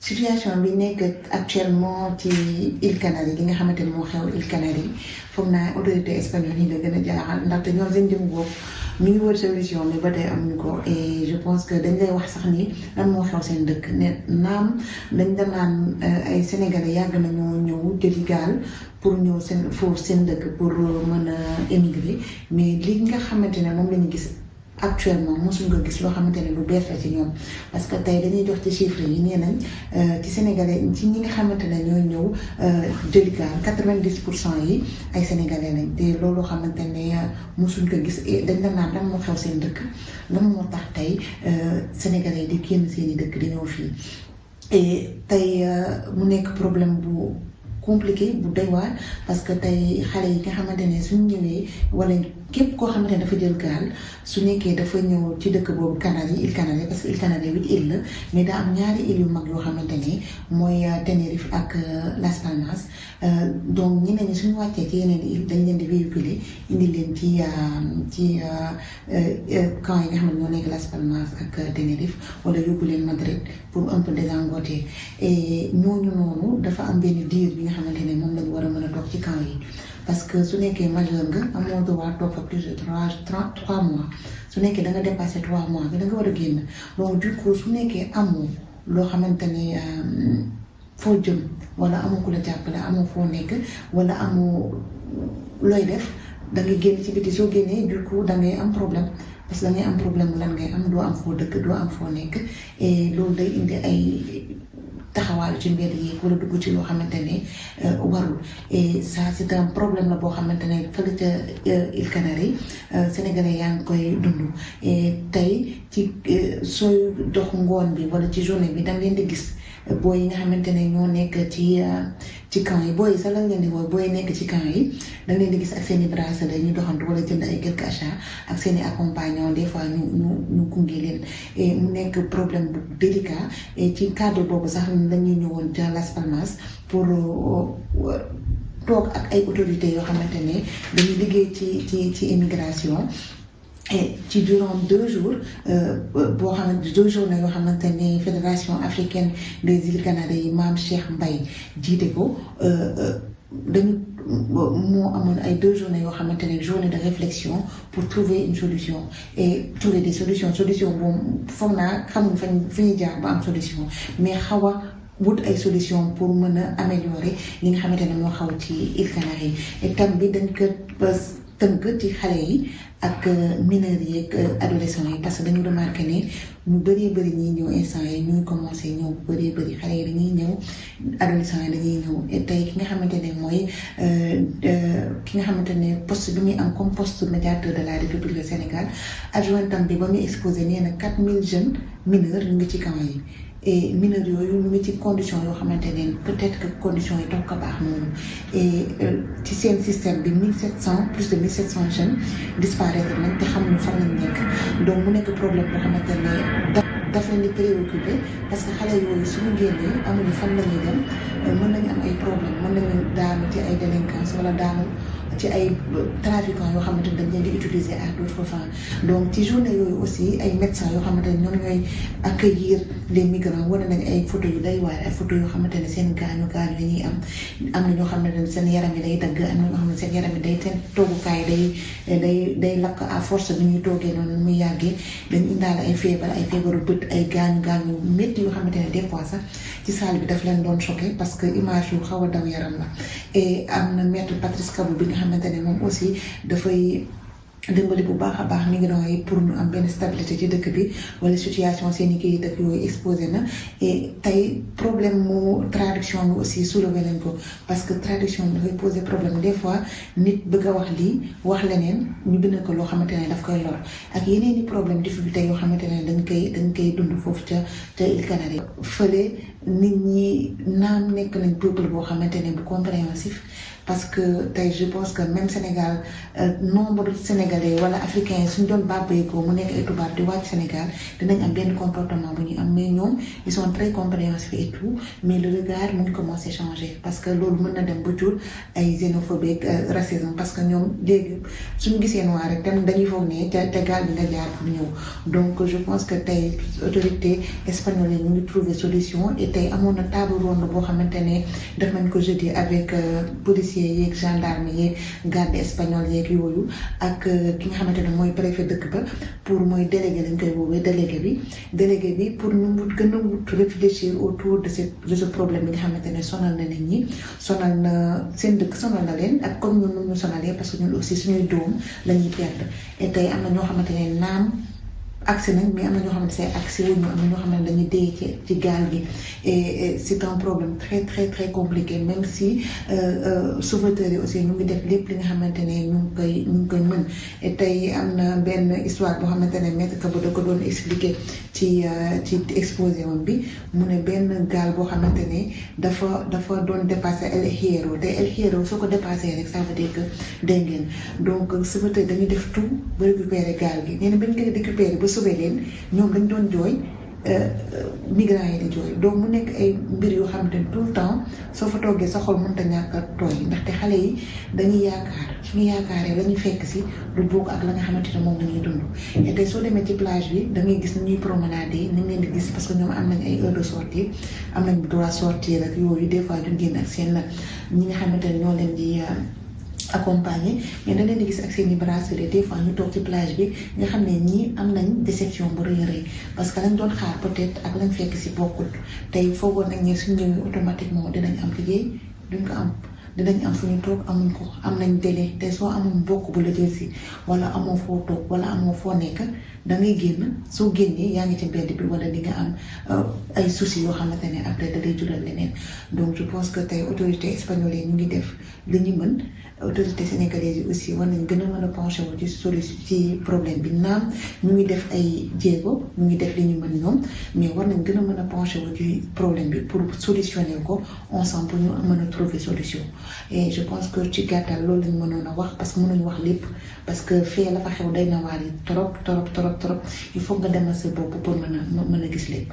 situation bi nekk actuellement ci îles Canaries li nga xamante ni moo xew îles Canaries foog naa autorité espagnole yi la gën a jaaxal ndaxte ñoom seen jëm bopp ñu ngi wër solution mais ba tey amuñu ko et je pense que dañ lay wax sax ni lan moo xew seen dëkk ne naam dañ da naan euh, ay sénégal yàgg nañoo ñëw jëli gaal pour ñëw seen foofu seen dëkk pour mën a émigrer mais li nga xamante ne moom la ñu gis. actuellement mosuñ ko gis loo xamante ne lu bees la ci ñoom parce que tey dañuy jox ci chiffres yi nee nañ euh, ci sénégalais ci ñi nga xamante ne ñoo ñëw euh, jëli gaal quatre-vingt-dix pour cent yi ay sénégalais lañ te loolu xamante ne euh, mosuñ ko gis dañ la naan moo xew seen dëkk lan moo tax tey sénégalais di génn seen i dëkk di ñëw fii et tey mu nekk problème bu compliqué bu doy parce que tey xale yi nga xamante ne suñ ñëwee wala. képp koo xamante ne dafa jël gaal su nekkee dafa ñëw ci dëkk boobu Canaries îles Canaries parce que îles bi huit îles la mais daa am ñaari îles yu mag yoo xamante ni mooy euh, Tenerife ak euh, Las Palmas euh, donc ñi suñu wàccee ci yeneen dañ leen di véhiculer indi leen ci ci camp yi nga xam ne ñoo nekk ak Tenerife wala yóbbu leen Madrid pour un peu désengoter et ñooñu dafa am benn diir bi nga xamante ne moom lañu war a mën a toog ci camp yi. parce que su nekkee majeur nga amoo droit toog fa plus de trois trois mois su nekkee da nga trois mois nga da war a génn donc du su nekkee amoo loo xamante ne euh, foo jëm wala amoo ku la jàppale amoo foo nekk wala amoo looy def da génn ci biti soo génnee du coup da ngay am problème parce que da am problème lan ngay am doo am foo dëkk doo am foo nekk et loolu day indi ay. taxawaayu ci mbedd yi wala dugg ci loo xamante ne euh, warul et ça c'est problème la boo xamante ne fële ca euh, Îles Canaries euh, sénégalais yaa ngi koy dund tey ci sooy dox ngoon bi walla ci journée bi da leen di gis boo yi nga xamante ne ñoo nekk ci. ci camp yi booy sax lan ngeen di wooy booy nekk ci camp yi da leen di gis ak seen i bracelet ñu doxantu wala jënd ay quelques achats ak seen i accompagnants des fois ñu ñu ñu gunge leen mu nekk problème bu délicat ci cadre boobu sax lañuy ñëwoon ca Las Palmas pour euh, euh, toog ak ay autorités yoo xamante ne dañuy liggéey ci ci ci immigration et ci durant deux jours euh, boo xamante deux jours na yoo xamante ne fédération africaine des îles Canaries yi maam Cheikh mbay jiite ko euh, euh, dañu moo amoon ay deux journées yoo xamante ne journée de réflexion pour trouver une solution et trouver des solutions solution boobu foog naa xamuñ fañ fi ñuy jaar ba am solution mais xaw a wut ay solution pour mën a améliorer li nga xamante ne moo xaw ci îles Canaries tam bi dañ ko tënk ci xale yi ak euh, mineurs yi ak euh, adolescents yi parce que dañu remarqué ne ñu bëree bëri ñuy ñëw instant yi ñuy commencé ñëw bu bëree bëri xale yi dañuy ñëw adolescents yi dañuy ñëw tey ki nga xamante ne mooy euh, ki nga xamante ne poste bi muy am comme poste médiateur de la République du Sénégal adjointam bi ba muy exposé nee na mille jeunes mineurs ñu ngi ci camp yi. et mi yooyu ci condition yoo xamante ne peut-être que conditions yi donc baax noonu euh, ci seen système bi 1700 plus de 1700 jeunes disparaître nañ te xamuñu fan lañ nekk donc mu nekk problème boo xamante ne. daf leen di parce que xale yooyu suñu génnee amuñu fan la ñuy dem euh, mën nañu am ay problème mën nañu daanu ci ay délinquance wala daanu ci ay euh, trafiquants yoo xamante ni dañ leen di utiliser à d'autres fins donc ci journée yooyu aussi ay médecins yoo xamante ne ñoom ñooy accueillir les migrants wane nañ ay photo yu day waar ay yoo xamante ne seen gaañu gaañu na ñoo xamante ne seen yaram yi day dagg am na ñoo yi day seen toogukaay day day day lakk à force bi ñuy toogee noonu muy yàggee dañ indaale ay feebar ay feebaru bët ay gaañu gaañu métti yoo xamante ne des fois sax ci salle bi daf leen doon choqué parce que image yu xaw a daw yaram la am na maître Patrice Kabou bi nga xamante ne moom aussi dafay. dimbali bu baax a baax migrants yi pour ñu am benn stabilité ci dëkk bi wala situation seen i kii dëkk yooyu exposé na et problème mu traduction bi aussi soulevé nañ ko parce que traduction bi dafay posé problème des fois nit bëgg a wax lii wax leneen ñu bind ko loo xamante ne daf koy lor ak yeneen i problème te yoo xamante ne dañ koy dañ koy dund foofu ca ca Îles Canaries fële nit ñi naan nekk nañ peuple boo xamante ne bu compréhensif parce que tey je pense que même Sénégal euh, nombre de sénégalais wala africains suñ doon bàbbeekoo mu nekk ay tubaab di wàcc Sénégal danañ am benn comportement bu ñu am mais ñoom ils sont très compréhensifs et tout mais le regard mu ngi commencé changer parce que loolu mën na dem ba jur ay xénophobie ak euh, racisme parce que ñoom léegi suñu gisee noir rek tam dañuy foog ne te te gaal bi nga jaar pour ñëw je pense que tey autorité solution tey amoon na table ronde boo xamante ne def nañ ko jeudi avec euh, policiers yeeg gendarmes yeeg garde espagnol yeeg yooyu ak euh, ki nga xamante ne mooy préfet dëkk ba pour mooy délégué lañ koy woowee délégué bi délégué bi pour ñu wut gën a wut réfléchir autour de ce de problème bi nga xamante ne sonal na ne ñi sonal na seen dëkk sonal na leen ak comme ñun ñu sonalee parce que ñun aussi suñuy doom la ñuy perdre am na ñoo xamante ne naam. accès nañ mais am na ñoo xamante ne accès wuñu am na ñoo xam ne dañuy dee gaal gi et c'est un problème très très très compliqué même si euh, euh, sauveteurs yi aussi ñu ngi def lépp li nga xamante ne ñu ngi ñu tey am na benn histoire boo xamante ne maître Kabo da ko doon expliquer ci euh, ci exposé bi mu ne benn gaal boo xamante ne dafa dafa doon dépassé El Hierro te El soo ko dépassé rek ça veut dire que dégg ngeen dañuy def tout ba récupérer gaal gi nee na bañ ko récupérer ba sauver ñoom dañ doon jooy euh, euh, migrants yi di jooy donc mu nekk ay mbir yoo xamante ni tout le temps soo fa toggee sa xol mënut a ñàkk a tooy xale yi dañuy yaakaar suñu yaakaaree ñuy fekk si lu bokk ak la nga xamante ne moom la ñuy dund. et tey soo demee ci plage bi da ngay gis ni ñuy promenader ni ñu leen gis parce que ñoom am nañ ay heure de sortie am nañ droit sortir ak yooyu des fois duñ génn ak seen ñi nga xamante ne ñoo leen di. Euh, accompagné mais da leen di gis ak seen i bracelet des ñu toog ci plage bi nga xam ne ñii am nañ déception bu rëy rëy parce que lañ doon xaar peut-être ak lañ fekk si bokkul tey foogoon nañ ne suñ ñëwee automatiquement dinañ am liggéey duñ ko am. dinañ am fu ñu toog amuñ ko am nañ télé te soo amul bokk bu la jël si wala amoo foo toog wala amoo foo nekka da ngay génn soo génnee yaa ngi ci mbedd bi wala di nga am euh, ay soucis yoo xamante ne après da lay leneen donc je pense que tey autorité espagnole ñu ngi def li ñu mën autorité sénégalaise yi aussi war nañ gën a mën a penché wu ci solution ci problème bi naam ñu ngi def ay jéego ñu ngi def li ñu mën ñoom mais war nañ gën a mën a penché wu ci problème bi pour solutionner ko ensemble pour ñu mën a trouver solution. et je pense que ci gàttal loolu lañ mënoon a wax parce que mënuñ wax lépp parce que fee la fa xew day na waar yi trop trop trop trop il faut nga demal sa bopp pour mën a mën a gis lépp.